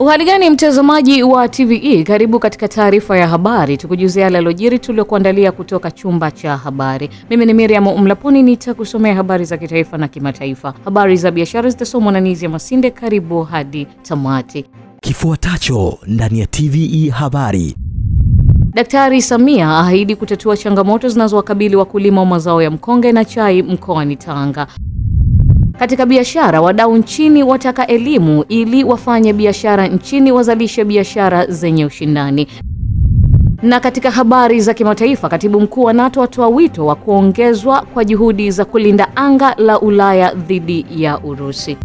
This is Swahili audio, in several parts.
Uhali gani mtazamaji wa TVE, karibu katika taarifa ya habari, tukujuzia yale yalojiri tuliokuandalia kutoka chumba cha habari. Mimi ni Miriam Mlaponi, nitakusomea habari za kitaifa na kimataifa. Habari za biashara zitasomwa na Nizia Masinde. Karibu hadi tamati. Kifuatacho ndani ya TVE habari. Daktari Samia ahidi kutatua changamoto zinazowakabili wakulima wa mazao ya mkonge na chai mkoani Tanga. Katika biashara, wadau nchini wataka elimu ili wafanye biashara nchini wazalishe biashara zenye ushindani. Na katika habari za kimataifa, katibu mkuu wa NATO atoa wito wa kuongezwa kwa juhudi za kulinda anga la Ulaya dhidi ya Urusi.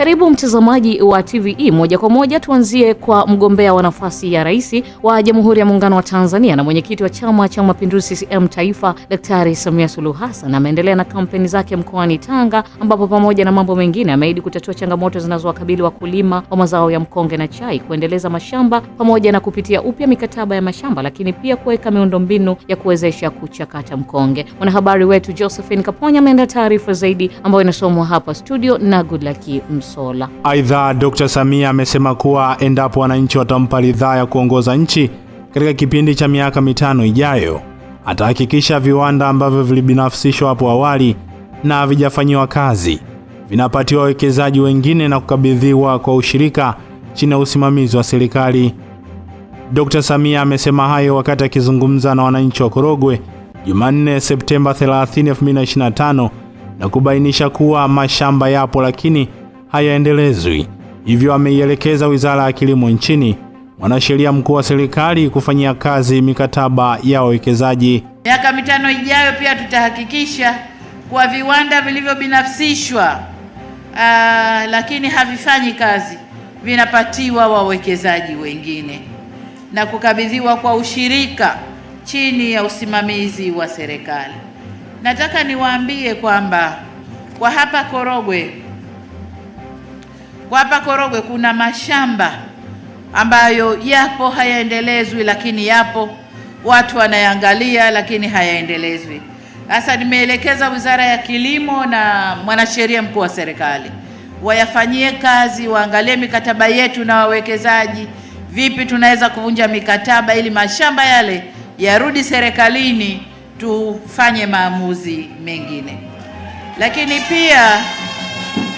Karibu mtazamaji wa TVE moja kwa moja. Tuanzie kwa mgombea wa nafasi ya rais wa Jamhuri ya Muungano wa Tanzania na mwenyekiti wa Chama cha Mapinduzi CCM Taifa, Daktari Samia Suluhu Hassan ameendelea na kampeni zake mkoani Tanga, ambapo pamoja na mambo mengine ameahidi kutatua changamoto zinazowakabili wakulima wa mazao ya mkonge na chai, kuendeleza mashamba pamoja na kupitia upya mikataba ya mashamba, lakini pia kuweka miundombinu ya kuwezesha kuchakata mkonge. Mwanahabari wetu Josephine Kaponya ameenda taarifa zaidi ambayo inasomwa hapa studio na Goodluck Ms. Sola. Aidha, Dr. Samia amesema kuwa endapo wananchi watampa ridhaa ya kuongoza nchi katika kipindi cha miaka mitano ijayo, atahakikisha viwanda ambavyo vilibinafsishwa hapo awali na havijafanyiwa kazi vinapatiwa wawekezaji wengine na kukabidhiwa kwa ushirika chini ya usimamizi wa serikali. d Samia amesema hayo wakati akizungumza na wananchi wa Korogwe Jumanne, Septemba 30, 2025 na kubainisha kuwa mashamba yapo lakini hayaendelezwi. Hivyo ameielekeza Wizara ya Kilimo nchini mwanasheria mkuu wa serikali kufanyia kazi mikataba ya wawekezaji. Miaka mitano ijayo, pia tutahakikisha kwa viwanda vilivyobinafsishwa aa, ah, lakini havifanyi kazi vinapatiwa wawekezaji wengine na kukabidhiwa kwa ushirika chini ya usimamizi wa serikali. Nataka niwaambie kwamba kwa hapa Korogwe kwa hapa Korogwe kuna mashamba ambayo yapo hayaendelezwi, lakini yapo, watu wanayangalia, lakini hayaendelezwi. Sasa nimeelekeza Wizara ya Kilimo na mwanasheria mkuu wa serikali wayafanyie kazi, waangalie mikataba yetu na wawekezaji, vipi tunaweza kuvunja mikataba ili mashamba yale yarudi serikalini, tufanye maamuzi mengine, lakini pia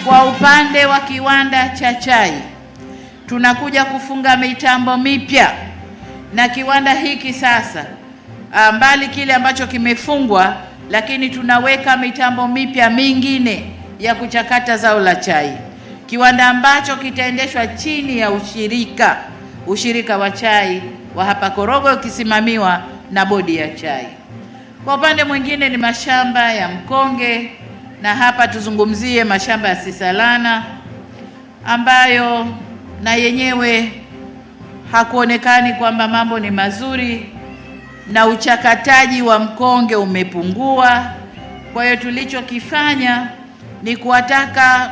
kwa upande wa kiwanda cha chai, tunakuja kufunga mitambo mipya na kiwanda hiki sasa, ah, mbali kile ambacho kimefungwa, lakini tunaweka mitambo mipya mingine ya kuchakata zao la chai, kiwanda ambacho kitaendeshwa chini ya ushirika ushirika wa chai wa hapa Korogwe ukisimamiwa na bodi ya chai. Kwa upande mwingine ni mashamba ya mkonge na hapa tuzungumzie mashamba ya sisalana ambayo na yenyewe hakuonekani kwamba mambo ni mazuri na uchakataji wa mkonge umepungua. Kwa hiyo tulichokifanya ni kuwataka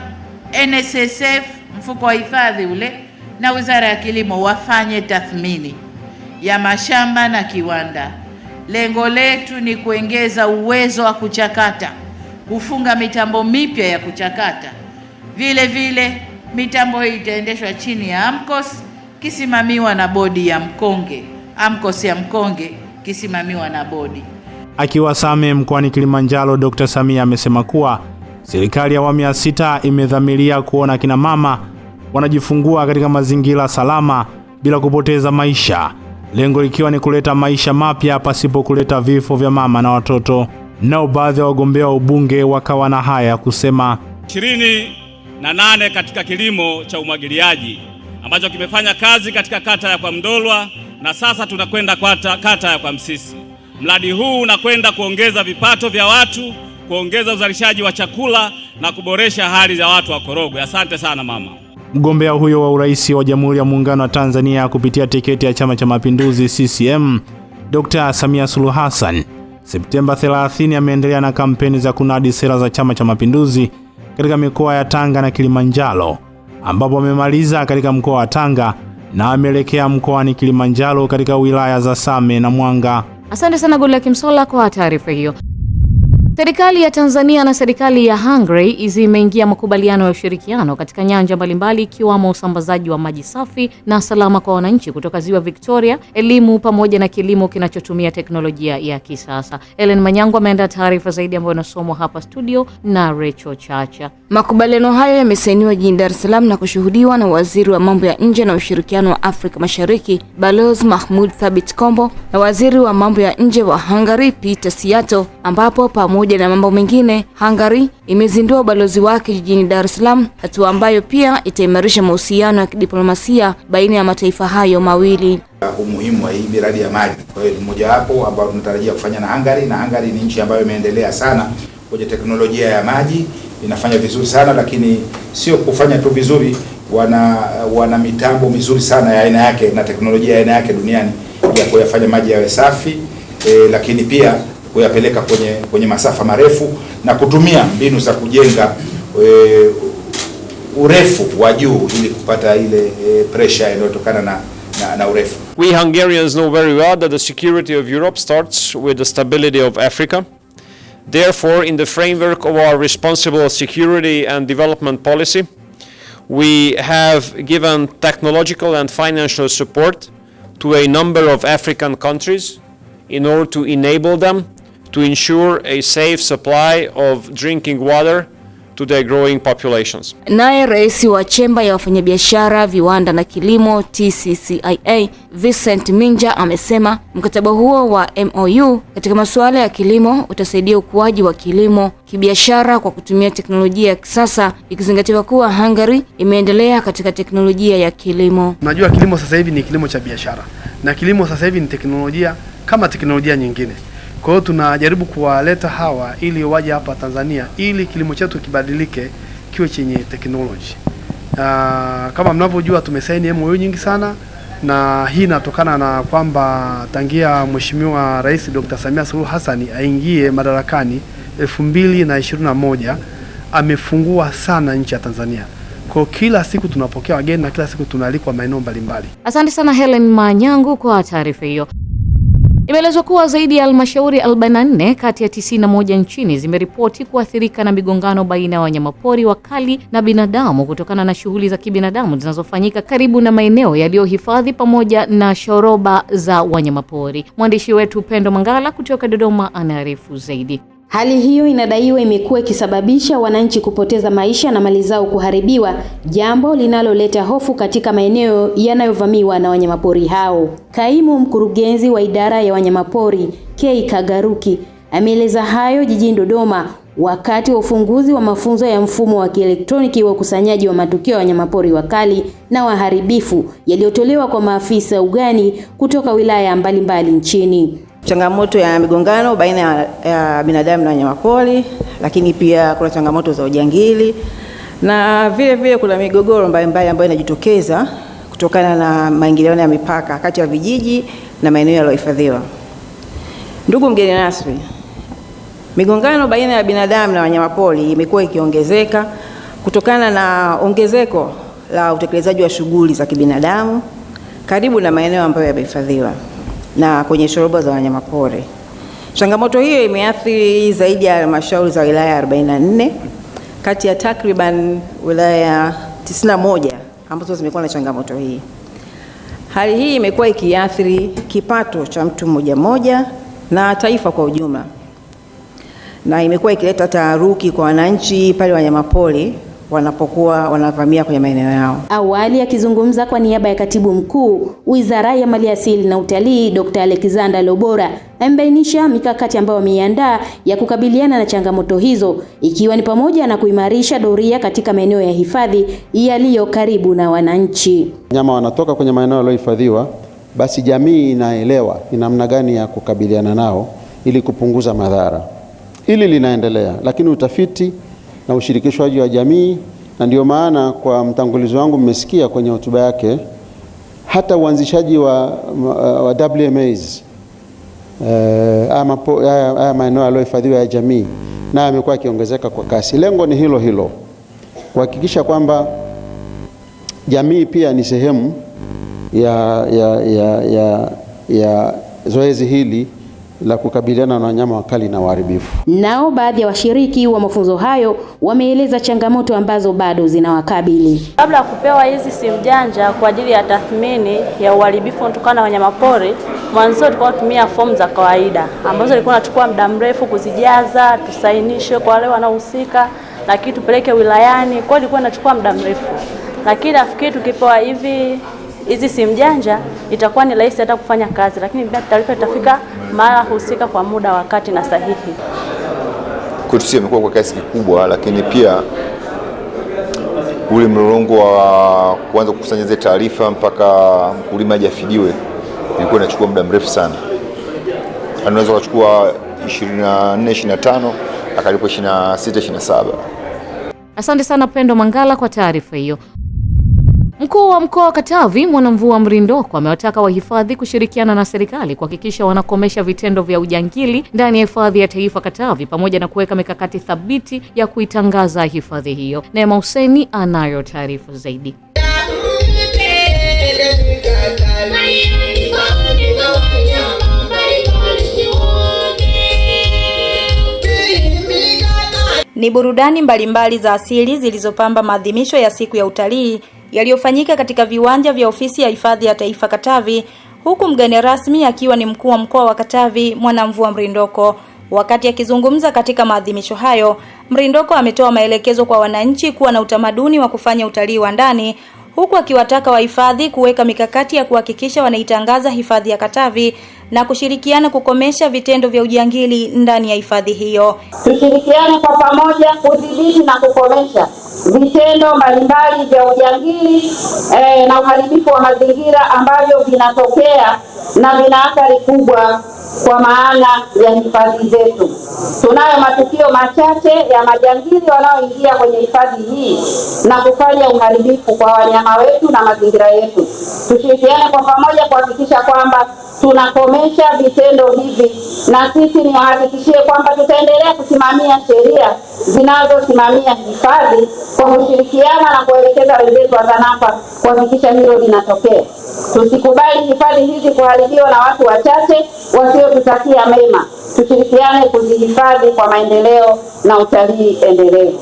NSSF, mfuko wa hifadhi ule, na Wizara ya Kilimo wafanye tathmini ya mashamba na kiwanda. Lengo letu ni kuongeza uwezo wa kuchakata kufunga mitambo mipya ya kuchakata. Vile vile mitambo hii itaendeshwa chini ya AMCOS kisimamiwa na bodi ya Mkonge, AMCOS ya Mkonge kisimamiwa na bodi. Akiwa Same mkoani Kilimanjaro, Dr. Samia amesema kuwa serikali ya awamu ya sita imedhamiria kuona kina mama wanajifungua katika mazingira salama bila kupoteza maisha, lengo likiwa ni kuleta maisha mapya pasipo kuleta vifo vya mama na watoto. Nao baadhi ya wagombea wa ubunge wakawa na haya kusema: ishirini na nane katika kilimo cha umwagiliaji ambacho kimefanya kazi katika kata ya kwa Mdolwa na sasa tunakwenda kata, kata ya kwa Msisi. Mradi huu unakwenda kuongeza vipato vya watu, kuongeza uzalishaji wa chakula na kuboresha hali za watu wa Korogwe. Asante sana mama. Mgombea huyo wa urais wa Jamhuri ya Muungano wa Tanzania kupitia tiketi ya Chama cha Mapinduzi CCM, Dr. Samia Suluhu Hassan Septemba 30 ameendelea na kampeni za kunadi sera za Chama cha Mapinduzi katika mikoa ya Tanga na Kilimanjaro, ambapo amemaliza katika mkoa wa Tanga na ameelekea mkoani Kilimanjaro katika wilaya za Same na Mwanga. Asante sana Godluck Msolla kwa taarifa hiyo. Serikali ya Tanzania na serikali ya Hungary zimeingia makubaliano ya ushirikiano katika nyanja mbalimbali ikiwamo usambazaji wa maji safi na salama kwa wananchi kutoka Ziwa Victoria, elimu pamoja na kilimo kinachotumia teknolojia ya kisasa. Ellen Manyango ameandaa taarifa zaidi ambayo inasomwa hapa studio na Rachel Chacha. Makubaliano hayo yamesainiwa jijini Dar es Salaam na kushuhudiwa na Waziri wa Mambo ya Nje na Ushirikiano wa Afrika Mashariki, Balozi Mahmud Thabit Kombo na Waziri wa Mambo ya Nje wa Hungary, Peter Siato ambapo pamoja pamoja na mambo mengine, Hungary imezindua ubalozi wake jijini Dar es Salaam, hatua ambayo pia itaimarisha mahusiano ya kidiplomasia baina ya mataifa hayo mawili. Umuhimu wa hii miradi ya maji, kwa hiyo ni wapo ambayo tunatarajia kufanya na Hungary, na Hungary ni nchi ambayo imeendelea sana kwenye teknolojia ya maji, inafanya vizuri sana, lakini sio kufanya tu vizuri, wana wana mitambo mizuri sana ya aina yake na teknolojia ya aina yake duniani ya kuyafanya maji yawe safi e, lakini pia kuyapeleka kwenye, kwenye masafa marefu na kutumia mbinu za kujenga e, urefu wa juu ili kupata ile e, pressure inayotokana na Na, na we Hungarians know very well that the security of Europe starts with the stability of Africa. Therefore, in the framework of our responsible security and development policy, we have given technological and financial support to a number of African countries in order to enable them to ensure a safe supply of drinking water to their growing populations. Naye rais wa chemba ya wafanyabiashara, viwanda na kilimo TCCIA, Vincent Minja amesema mkataba huo wa MOU katika masuala ya kilimo utasaidia ukuaji wa kilimo kibiashara kwa kutumia teknolojia ya kisasa ikizingatiwa kuwa Hungary imeendelea katika teknolojia ya kilimo. Unajua kilimo sasa hivi ni kilimo cha biashara na kilimo sasa hivi ni teknolojia kama teknolojia nyingine. Kwa hiyo tunajaribu kuwaleta hawa ili waje hapa Tanzania ili kilimo chetu kibadilike kiwe chenye teknoloji. Uh, kama mnavyojua tumesaini MOU nyingi sana na hii inatokana na kwamba tangia Mheshimiwa Rais Dr. Samia Suluhu Hassan aingie madarakani elfu mbili na moja amefungua sana nchi ya Tanzania. Kwa kila siku tunapokea wageni na kila siku tunaalikwa maeneo mbalimbali. Asante sana Helen Manyangu kwa taarifa hiyo. Imeelezwa kuwa zaidi ya halmashauri 44 kati ya 91 nchini zimeripoti kuathirika na migongano baina ya wanyamapori wakali na binadamu kutokana na shughuli za kibinadamu zinazofanyika karibu na maeneo yaliyohifadhi pamoja na shoroba za wanyamapori. Mwandishi wetu Pendo Mangala kutoka Dodoma anaarifu zaidi. Hali hiyo inadaiwa imekuwa ikisababisha wananchi kupoteza maisha na mali zao kuharibiwa, jambo linaloleta hofu katika maeneo yanayovamiwa na wanyamapori hao. Kaimu mkurugenzi wa idara ya wanyamapori K Kagaruki ameeleza hayo jijini Dodoma wakati wa ufunguzi wa mafunzo ya mfumo wa kielektroniki wa ukusanyaji wa matukio ya wanyamapori wakali na waharibifu yaliyotolewa kwa maafisa ugani kutoka wilaya mbalimbali mbali nchini changamoto ya migongano baina ya binadamu na wanyamapori, lakini pia kuna changamoto za ujangili na vile vile kuna migogoro mbalimbali ambayo inajitokeza kutokana na maingiliano ya mipaka kati ya vijiji na maeneo yaliyohifadhiwa. Ndugu mgeni rasmi, migongano baina ya binadamu na wanyamapori imekuwa ikiongezeka kutokana na ongezeko la utekelezaji wa shughuli za kibinadamu karibu na maeneo ambayo yamehifadhiwa na kwenye shoroba za wanyamapori. Changamoto hiyo imeathiri zaidi ya halmashauri za wilaya 44 kati ya takriban wilaya 91 ambazo zimekuwa na changamoto hii. Hali hii imekuwa ikiathiri kipato cha mtu mmoja mmoja na taifa kwa ujumla, na imekuwa ikileta taharuki kwa wananchi pale wanyamapori wanapokuwa wanavamia kwenye maeneo yao. Awali akizungumza kwa niaba ya katibu mkuu Wizara ya Maliasili na Utalii, Dr. Alexander Lobora amebainisha mikakati ambayo wameiandaa ya kukabiliana na changamoto hizo ikiwa ni pamoja na kuimarisha doria katika maeneo ya hifadhi yaliyo karibu na wananchi. Nyama wanatoka kwenye maeneo yaliyohifadhiwa, basi jamii inaelewa ni namna gani ya kukabiliana nao ili kupunguza madhara. Hili linaendelea, lakini utafiti na ushirikishwaji wa jamii, na ndio maana kwa mtangulizi wangu mmesikia kwenye hotuba yake hata uanzishaji wa, wa WMAs eh, haya uh, maeneo yaliyohifadhiwa ya jamii nayo amekuwa akiongezeka kwa kasi. Lengo ni hilo hilo, kuhakikisha kwamba jamii pia ni sehemu ya, ya, ya, ya, ya zoezi hili la kukabiliana na wanyama wakali na waharibifu. Nao baadhi ya washiriki wa mafunzo hayo wameeleza changamoto ambazo bado zinawakabili. Kabla ya kupewa hizi simu janja kwa ajili ya tathmini ya uharibifu unaotokana na wanyamapori, mwanzo tulikuwa tunatumia fomu za kawaida ambazo ilikuwa inachukua muda mrefu kuzijaza, tusainishwe kwa wale wanaohusika, lakini tupeleke wilayani, kwa hiyo ilikuwa inachukua muda mrefu, lakini nafikiri tukipewa hivi hizi simu janja itakuwa ni rahisi hata kufanya kazi, lakini bila taarifa itafika mara husika kwa muda, wakati na sahihi. KUTT imekuwa kwa kiasi kikubwa, lakini pia ule mlolongo wa kuanza kukusanya zile taarifa mpaka mkulima afidiwe ilikuwa inachukua muda mrefu sana. Anaweza kuchukua 24 25 akalipo 26 27. Asante sana Pendo Mangala kwa taarifa hiyo. Mkuu wa mkoa wa Katavi Mwanamvua Mrindoko amewataka wahifadhi kushirikiana na serikali kuhakikisha wanakomesha vitendo vya ujangili ndani ya hifadhi ya taifa Katavi pamoja na kuweka mikakati thabiti ya kuitangaza hifadhi hiyo. Neema Huseni anayo taarifa zaidi. Ni burudani mbalimbali za asili zilizopamba maadhimisho ya siku ya utalii yaliyofanyika katika viwanja vya ofisi ya hifadhi ya taifa Katavi, huku mgeni rasmi akiwa ni mkuu wa mkoa wa Katavi Mwanamvua Mrindoko. Wakati akizungumza katika maadhimisho hayo, Mrindoko ametoa maelekezo kwa wananchi kuwa na utamaduni wa kufanya utalii wa ndani huku akiwataka wahifadhi kuweka mikakati ya kuhakikisha wanaitangaza hifadhi ya Katavi na kushirikiana kukomesha vitendo vya ujangili ndani ya hifadhi hiyo. Tushirikiane kwa pamoja kudhibiti na kukomesha vitendo mbalimbali vya ujangili eh, na uharibifu wa mazingira ambavyo vinatokea na vina athari kubwa kwa maana ya hifadhi zetu. Tunayo matukio machache ya majangili wanaoingia kwenye hifadhi hii na kufanya uharibifu kwa wanyama wetu na mazingira yetu tushirikiane kwa pamoja kuhakikisha kwamba tunakomesha vitendo hivi, na sisi niwahakikishie kwamba tutaendelea kusimamia sheria zinazosimamia hifadhi kwa kushirikiana na kuelekeza wenzetu wa TANAPA kuhakikisha hilo linatokea. Tusikubali hifadhi hizi kuharibiwa na watu wachache wasiotutakia mema. Tushirikiane kuzihifadhi kwa maendeleo na utalii endelevu.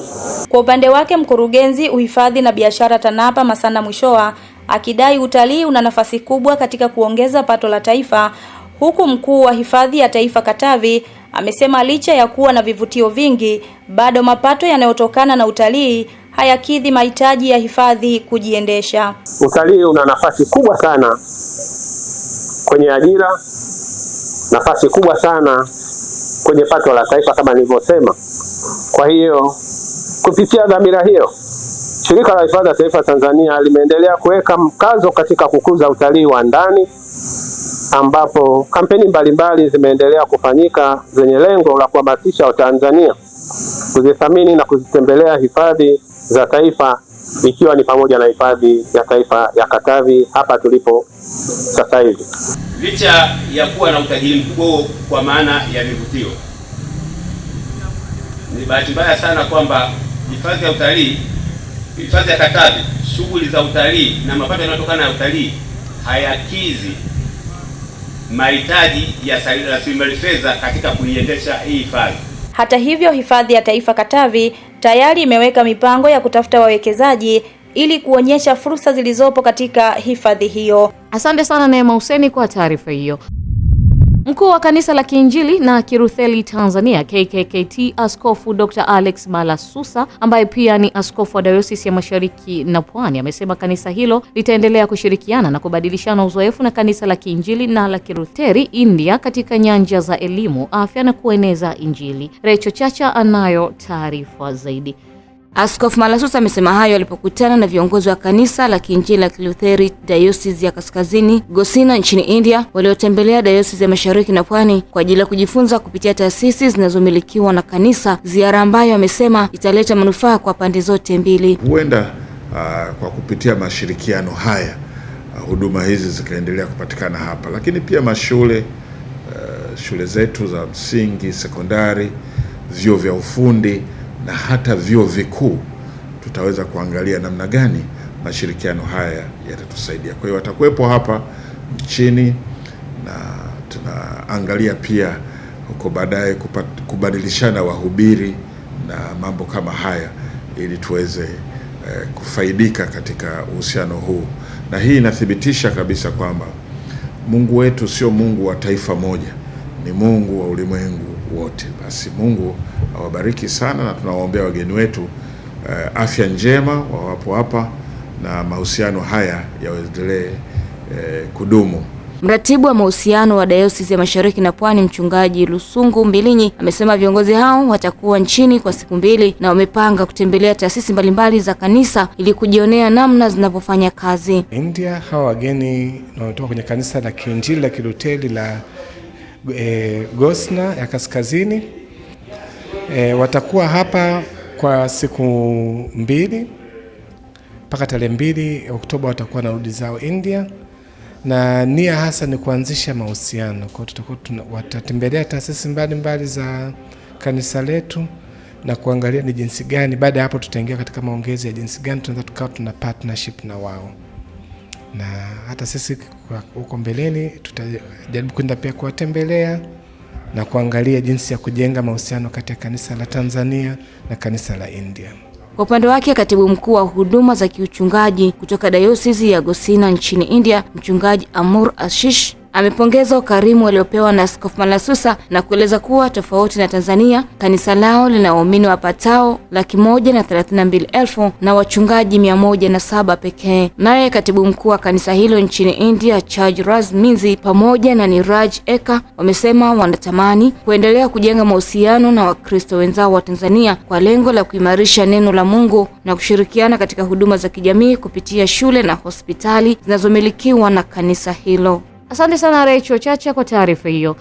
Kwa upande wake, mkurugenzi uhifadhi na biashara TANAPA Masana Mwishoa akidai utalii una nafasi kubwa katika kuongeza pato la taifa, huku mkuu wa hifadhi ya taifa Katavi amesema licha ya kuwa na vivutio vingi, bado mapato yanayotokana na utalii hayakidhi mahitaji ya hifadhi kujiendesha. Utalii una nafasi kubwa sana kwenye ajira, nafasi kubwa sana kwenye pato la taifa kama nilivyosema. Kwa hiyo kupitia dhamira hiyo Shirika la Hifadhi za Taifa Tanzania limeendelea kuweka mkazo katika kukuza utalii wa ndani ambapo kampeni mbalimbali zimeendelea kufanyika zenye lengo la kuhamasisha Watanzania kuzithamini na kuzitembelea hifadhi za taifa ikiwa ni pamoja na hifadhi ya taifa ya Katavi hapa tulipo sasa hivi. Licha ya kuwa na utajiri mkubwa kwa maana ya vivutio, ni bahati mbaya sana kwamba hifadhi ya utalii hifadhi ya Katavi, shughuli za utalii na mapato yanayotokana na utalii hayakizi mahitaji ya rasilimali fedha katika kuiendesha hii hifadhi. Hata hivyo, hifadhi ya taifa Katavi tayari imeweka mipango ya kutafuta wawekezaji ili kuonyesha fursa zilizopo katika hifadhi hiyo. Asante sana Neema Huseni kwa taarifa hiyo. Mkuu wa Kanisa la Kiinjili na Kirutheli Tanzania KKKT Askofu Dr. Alex Malasusa ambaye pia ni askofu wa Dayosisi ya Mashariki na Pwani amesema kanisa hilo litaendelea kushirikiana na kubadilishana uzoefu na kanisa la Kiinjili na la Kirutheri India katika nyanja za elimu, afya na kueneza Injili. Recho Chacha anayo taarifa zaidi. Askofu Malasusa amesema hayo alipokutana na viongozi wa kanisa la Kiinjili la Kilutheri Diocese ya Kaskazini Gosina nchini India waliotembelea Diocese ya Mashariki na Pwani kwa ajili ya kujifunza kupitia taasisi zinazomilikiwa na kanisa, ziara ambayo amesema italeta manufaa kwa pande zote mbili. Huenda uh, kwa kupitia mashirikiano haya uh, huduma hizi zikaendelea kupatikana hapa, lakini pia mashule uh, shule zetu za msingi, sekondari, vyuo vya ufundi na hata vyuo vikuu, tutaweza kuangalia namna gani mashirikiano haya yatatusaidia. Kwa hiyo watakuwepo hapa nchini na tunaangalia pia huko baadaye kubadilishana wahubiri na mambo kama haya ili tuweze eh, kufaidika katika uhusiano huu, na hii inathibitisha kabisa kwamba Mungu wetu sio Mungu wa taifa moja, ni Mungu wa ulimwengu wote. Basi Mungu awabariki sana, na tunawaombea wageni wetu uh, afya njema wawapo hapa na mahusiano haya yaendelee uh, kudumu. Mratibu wa mahusiano wa Dayosisi ya Mashariki na Pwani Mchungaji Lusungu Mbilinyi amesema viongozi hao watakuwa nchini kwa siku mbili na wamepanga kutembelea taasisi mbalimbali za kanisa ili kujionea namna zinavyofanya kazi. India hawa wageni wametoka kwenye kanisa la Kiinjili la Kiluteli la e, Gosna ya Kaskazini E, watakuwa hapa kwa siku mbili mpaka tarehe mbili Oktoba watakuwa na rudi zao India, na nia hasa ni kuanzisha mahusiano. Kwa tutakuwa watatembelea taasisi mbalimbali za kanisa letu na kuangalia ni jinsi gani, baada ya hapo tutaingia katika maongezi ya jinsi gani tunaweza tukawa tuna partnership na wao, na hata sisi huko mbeleni tutajaribu kwenda pia kuwatembelea na kuangalia jinsi ya kujenga mahusiano kati ya kanisa la Tanzania na kanisa la India. Kwa upande wake katibu mkuu wa huduma za kiuchungaji kutoka dayosisi ya Gosina nchini India, mchungaji Amur Ashish amepongeza ukarimu waliopewa na Askofu Malasusa na kueleza kuwa tofauti na Tanzania, kanisa lao lina waumini wapatao laki moja na thelathini na mbili elfu na wachungaji mia moja na saba pekee. Naye katibu mkuu wa kanisa hilo nchini India, Chaj Raz Minzi, pamoja na Niraj Eka wamesema wanatamani kuendelea kujenga mahusiano na Wakristo wenzao wa Tanzania kwa lengo la kuimarisha neno la Mungu na kushirikiana katika huduma za kijamii kupitia shule na hospitali zinazomilikiwa na kanisa hilo. Asante sana recho Chacha kwa taarifa hiyo.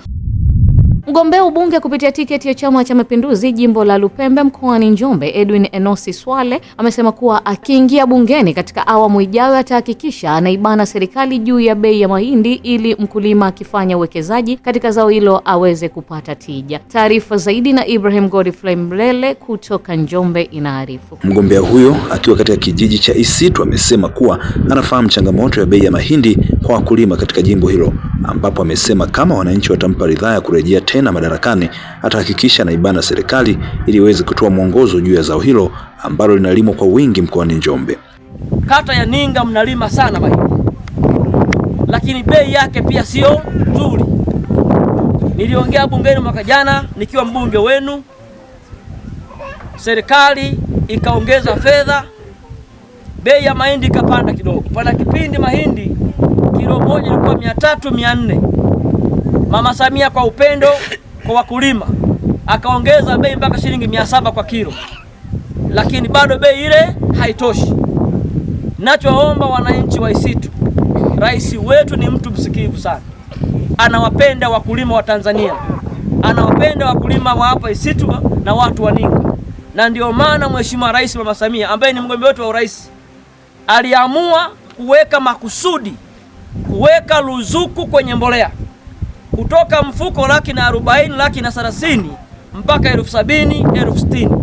Mgombea ubunge kupitia tiketi ya Chama cha Mapinduzi jimbo la Lupembe mkoani Njombe, Edwin Enosi Swale amesema kuwa akiingia bungeni katika awamu ijayo atahakikisha anaibana serikali juu ya bei ya mahindi ili mkulima akifanya uwekezaji katika zao hilo aweze kupata tija. Taarifa zaidi na Ibrahim Godfrey Mlele kutoka Njombe inaarifu. Mgombea huyo akiwa katika kijiji cha Isitu amesema kuwa anafahamu changamoto ya bei ya mahindi kwa wakulima katika jimbo hilo, ambapo amesema kama wananchi watampa ridhaa ya kurejea tena madarakani atahakikisha anaibana serikali ili iweze kutoa mwongozo juu ya zao hilo ambalo linalimwa kwa wingi mkoani Njombe. Kata ya Ninga mnalima sana mahindi, lakini bei yake pia sio nzuri. Niliongea bungeni mwaka jana nikiwa mbunge wenu, serikali ikaongeza fedha, bei ya mahindi ikapanda kidogo. Pana kipindi mahindi kilo moja ilikuwa mia tatu mia nne. Mama Samia kwa upendo kwa wakulima akaongeza bei mpaka shilingi mia saba kwa kilo, lakini bado bei ile haitoshi. Nachoomba wananchi wa Isitu, rais wetu ni mtu msikivu sana, anawapenda wakulima wa Tanzania, anawapenda wakulima wa hapa Isitu na watu wa Ningi, na ndio maana Mheshimiwa Rais Mama Samia ambaye ni mgombea wetu wa urais aliamua kuweka makusudi kuweka ruzuku kwenye mbolea kutoka mfuko laki na arobaini, laki na thelathini mpaka elfu sabini, elfu sitini.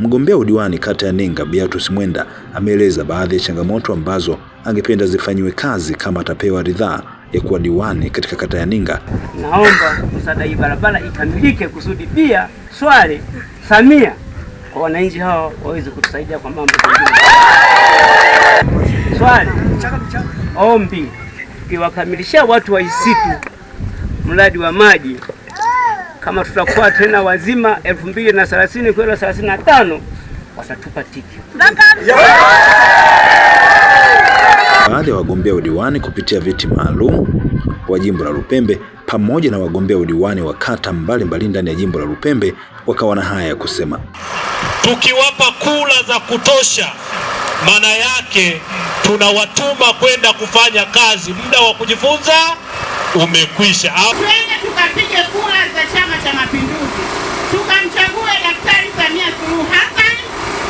Mgombea udiwani kata ya Ninga Beatrice Mwenda ameeleza baadhi ya changamoto ambazo angependa zifanyiwe kazi kama atapewa ridhaa ya kuwa diwani katika kata ya Ninga. Naomba msaada, hii barabara ikamilike kusudi pia swali Samia kwa wananchi hao waweze kutusaidia kwa mambo Swale ombi iwakamilishia watu wa Isitu mradi wa maji, kama tutakuwa tena wazima elfu mbili na thelathini kwenda thelathini na tano watatupa tiki. Baadhi ya wagombea udiwani kupitia viti maalum wa jimbo la Lupembe pamoja na wagombea udiwani wa kata mbalimbali ndani ya jimbo la Lupembe wakawa na haya ya kusema: tukiwapa kula za kutosha, maana yake tunawatuma kwenda kufanya kazi. Muda wa kujifunza umekwisha. Twende tukapige kura za Chama cha Mapinduzi, tukamchague Daktari Samia Suluhu Hassan,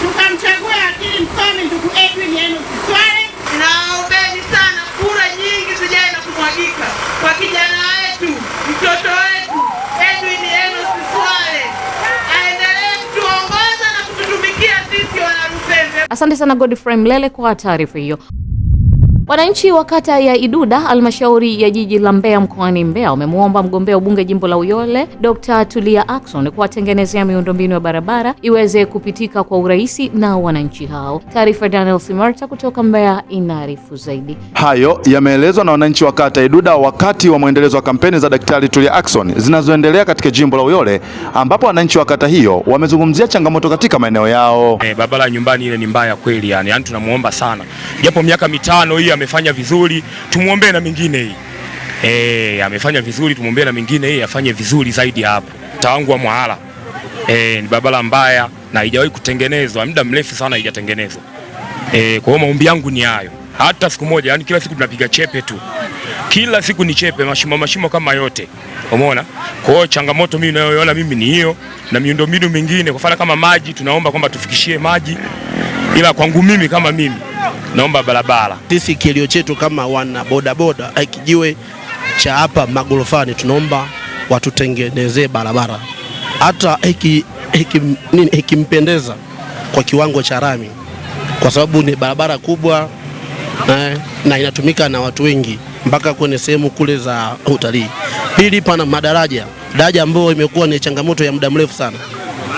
tukamchague wakili msomi ndugu Edwin Yenu Kiswale. Naombeni sana kura nyingi zijae na kumwagika kwa kijana wetu, mtoto wetu Asante sana Godfrey Mlele kwa taarifa hiyo. Wananchi wa kata ya Iduda halmashauri ya jiji la Mbeya mkoani Mbeya wamemwomba mgombea ubunge jimbo la Uyole Dr. Tulia Ackson kuwatengenezea miundombinu ya barabara iweze kupitika kwa urahisi na wananchi hao. Taarifa Daniel Simarta kutoka Mbeya inaarifu zaidi. Hayo yameelezwa na wananchi wa kata ya Iduda wakati wa mwendelezo wa kampeni za Daktari Tulia Ackson zinazoendelea katika jimbo la Uyole, ambapo wananchi wa kata hiyo wamezungumzia changamoto katika maeneo yao. Hey, eh, barabara nyumbani ile ni mbaya kweli, yani yani tunamuomba sana, japo miaka mitano hii amefanya vizuri, tumwombee na mingine hii eh, amefanya vizuri, tumwombee na mingine hii afanye vizuri zaidi hapo. Tawangu wa Mwahala eh, ni barabara mbaya na haijawahi kutengenezwa muda mrefu sana, haijatengenezwa eh, Kwa hiyo maombi yangu ni hayo, hata siku moja, yani kila siku tunapiga chepe tu, kila siku ni chepe, mashimo mashimo kama yote, umeona. Kwa hiyo changamoto mimi ninayoiona mimi ni hiyo, na miundombinu mingine, kwa mfano kama maji, tunaomba kwamba tufikishie maji, ila kwangu mimi kama mimi naomba barabara. Sisi kilio chetu kama wana bodaboda eh, kijiwe cha hapa magorofani, tunaomba watutengenezee barabara hata ikimpendeza kwa kiwango cha rami, kwa sababu ni barabara kubwa na, eh, na inatumika na watu wengi mpaka kwenye sehemu kule za utalii. Pili, pana madaraja daraja ambayo imekuwa ni changamoto ya muda mrefu sana.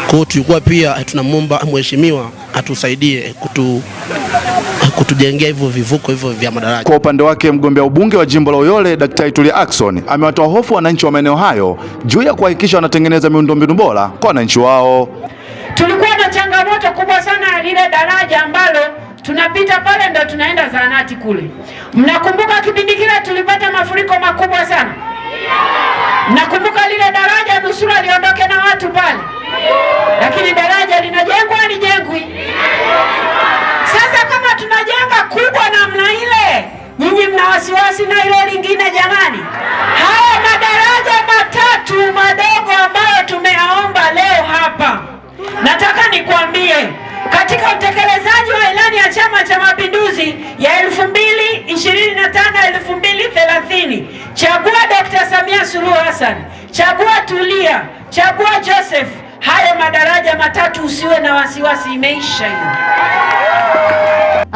Kwa hiyo tulikuwa pia eh, tunamwomba mheshimiwa atusaidie kutu kutujengea hivyo vivuko hivyo vya madaraja. Kwa upande wake, mgombea ubunge wa jimbo la Uyole Daktari Tulia Ackson amewatoa hofu wananchi wa maeneo hayo juu ya kuhakikisha wanatengeneza miundombinu bora kwa wananchi wao. Tulikuwa na changamoto kubwa sana ya lile daraja ambalo tunapita pale ndo tunaenda zahanati kule. Mnakumbuka kipindi kile tulipata mafuriko makubwa sana. Mnakumbuka lile daraja nusura liondoke na watu pale, lakini daraja linajengwa, lijengwi sasa kama tunajenga kubwa namna ile, nyinyi mna wasiwasi na ile lingine jamani? Haya madaraja matatu madogo ambayo tumeyaomba leo hapa, nataka nikwambie katika utekelezaji wa ilani ya Chama cha Mapinduzi ya elfu mbili ishirini na elfu mbili thelathini chagua Dkt. Samia Suluhu Hassan, chagua Tulia, chagua Joseph. hayo madaraja matatu usiwe na wasiwasi, imeisha hiyo.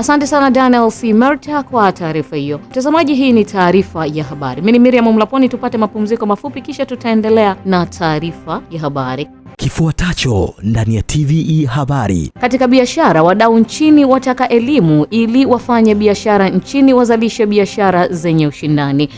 Asante sana Daniel C. Merta kwa taarifa hiyo. Mtazamaji, hii ni taarifa ya habari. Mimi ni Miriam Mlaponi, tupate mapumziko mafupi, kisha tutaendelea na taarifa ya habari. Kifuatacho ndani ya TVE habari. Katika biashara, wadau nchini wataka elimu ili wafanye biashara nchini, wazalishe biashara zenye ushindani.